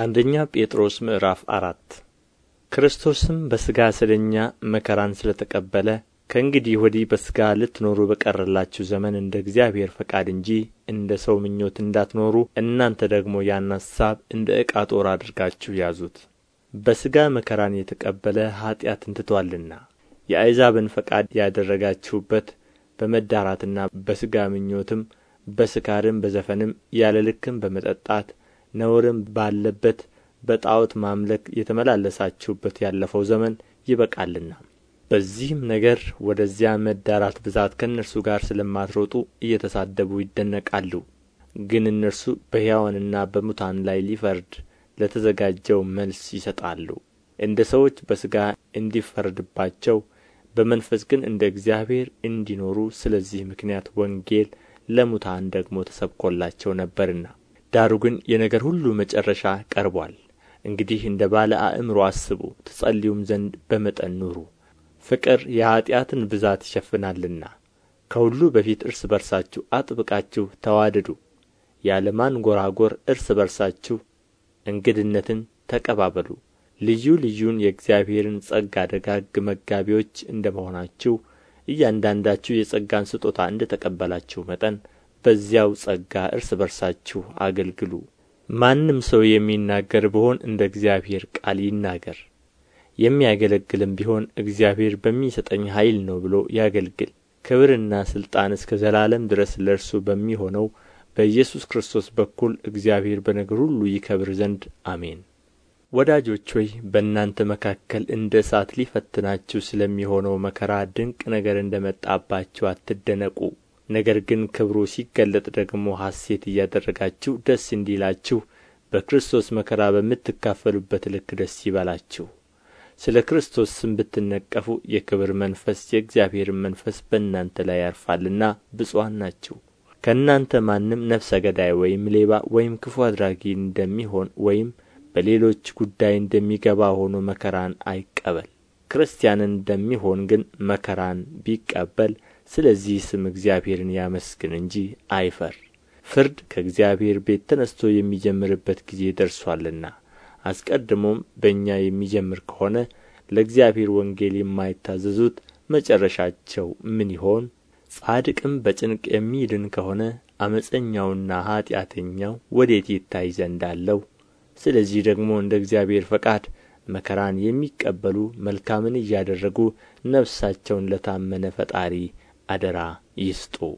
አንደኛ ጴጥሮስ ምዕራፍ አራት ክርስቶስም በሥጋ ስለ እኛ መከራን ስለ ተቀበለ ከእንግዲህ ወዲህ በሥጋ ልትኖሩ በቀረላችሁ ዘመን እንደ እግዚአብሔር ፈቃድ እንጂ እንደ ሰው ምኞት እንዳትኖሩ እናንተ ደግሞ ያን አሳብ እንደ ዕቃ ጦር አድርጋችሁ ያዙት። በሥጋ መከራን የተቀበለ ኃጢአትን ትቶአልና የአሕዛብን ፈቃድ ያደረጋችሁበት በመዳራትና በሥጋ ምኞትም በስካርም በዘፈንም ያለ ልክም በመጠጣት ነውርም ባለበት በጣዖት ማምለክ የተመላለሳችሁበት ያለፈው ዘመን ይበቃልና በዚህም ነገር ወደዚያ መዳራት ብዛት ከእነርሱ ጋር ስለማትሮጡ እየተሳደቡ ይደነቃሉ። ግን እነርሱ በሕያዋንና በሙታን ላይ ሊፈርድ ለተዘጋጀው መልስ ይሰጣሉ። እንደ ሰዎች በሥጋ እንዲፈረድባቸው በመንፈስ ግን እንደ እግዚአብሔር እንዲኖሩ ስለዚህ ምክንያት ወንጌል ለሙታን ደግሞ ተሰብኮላቸው ነበርና ዳሩ ግን የነገር ሁሉ መጨረሻ ቀርቦአል እንግዲህ እንደ ባለ አእምሮ አስቡ ትጸልዩም ዘንድ በመጠን ኑሩ ፍቅር የኃጢአትን ብዛት ይሸፍናልና ከሁሉ በፊት እርስ በርሳችሁ አጥብቃችሁ ተዋደዱ ያለ ማንጐራጐር እርስ በርሳችሁ እንግድነትን ተቀባበሉ ልዩ ልዩን የእግዚአብሔርን ጸጋ ደጋግ መጋቢዎች እንደ መሆናችሁ እያንዳንዳችሁ የጸጋን ስጦታ እንደ ተቀበላችሁ መጠን በዚያው ጸጋ እርስ በርሳችሁ አገልግሉ ማንም ሰው የሚናገር ብሆን እንደ እግዚአብሔር ቃል ይናገር የሚያገለግልም ቢሆን እግዚአብሔር በሚሰጠኝ ኃይል ነው ብሎ ያገልግል ክብርና ሥልጣን እስከ ዘላለም ድረስ ለእርሱ በሚሆነው በኢየሱስ ክርስቶስ በኩል እግዚአብሔር በነገር ሁሉ ይከብር ዘንድ አሜን። ወዳጆች ሆይ በእናንተ መካከል እንደ እሳት ሊፈትናችሁ ስለሚሆነው መከራ ድንቅ ነገር እንደ መጣባችሁ አትደነቁ። ነገር ግን ክብሩ ሲገለጥ ደግሞ ሐሴት እያደረጋችሁ ደስ እንዲላችሁ በክርስቶስ መከራ በምትካፈሉበት ልክ ደስ ይበላችሁ ስለ ክርስቶስ ስም ብትነቀፉ የክብር መንፈስ የእግዚአብሔርን መንፈስ በእናንተ ላይ ያርፋልና ብፁዓን ናችሁ። ከእናንተ ማንም ነፍሰ ገዳይ ወይም ሌባ ወይም ክፉ አድራጊ እንደሚሆን ወይም በሌሎች ጉዳይ እንደሚገባ ሆኖ መከራን አይቀበል። ክርስቲያን እንደሚሆን ግን መከራን ቢቀበል ስለዚህ ስም እግዚአብሔርን ያመስግን እንጂ አይፈር ፍርድ ከእግዚአብሔር ቤት ተነስቶ የሚጀምርበት ጊዜ ደርሶአልና አስቀድሞም በእኛ የሚጀምር ከሆነ ለእግዚአብሔር ወንጌል የማይታዘዙት መጨረሻቸው ምን ይሆን? ጻድቅም በጭንቅ የሚድን ከሆነ ዓመፀኛውና ኀጢአተኛው ወዴት ይታይ ዘንድ አለው? ስለዚህ ደግሞ እንደ እግዚአብሔር ፈቃድ መከራን የሚቀበሉ መልካምን እያደረጉ ነፍሳቸውን ለታመነ ፈጣሪ አደራ ይስጡ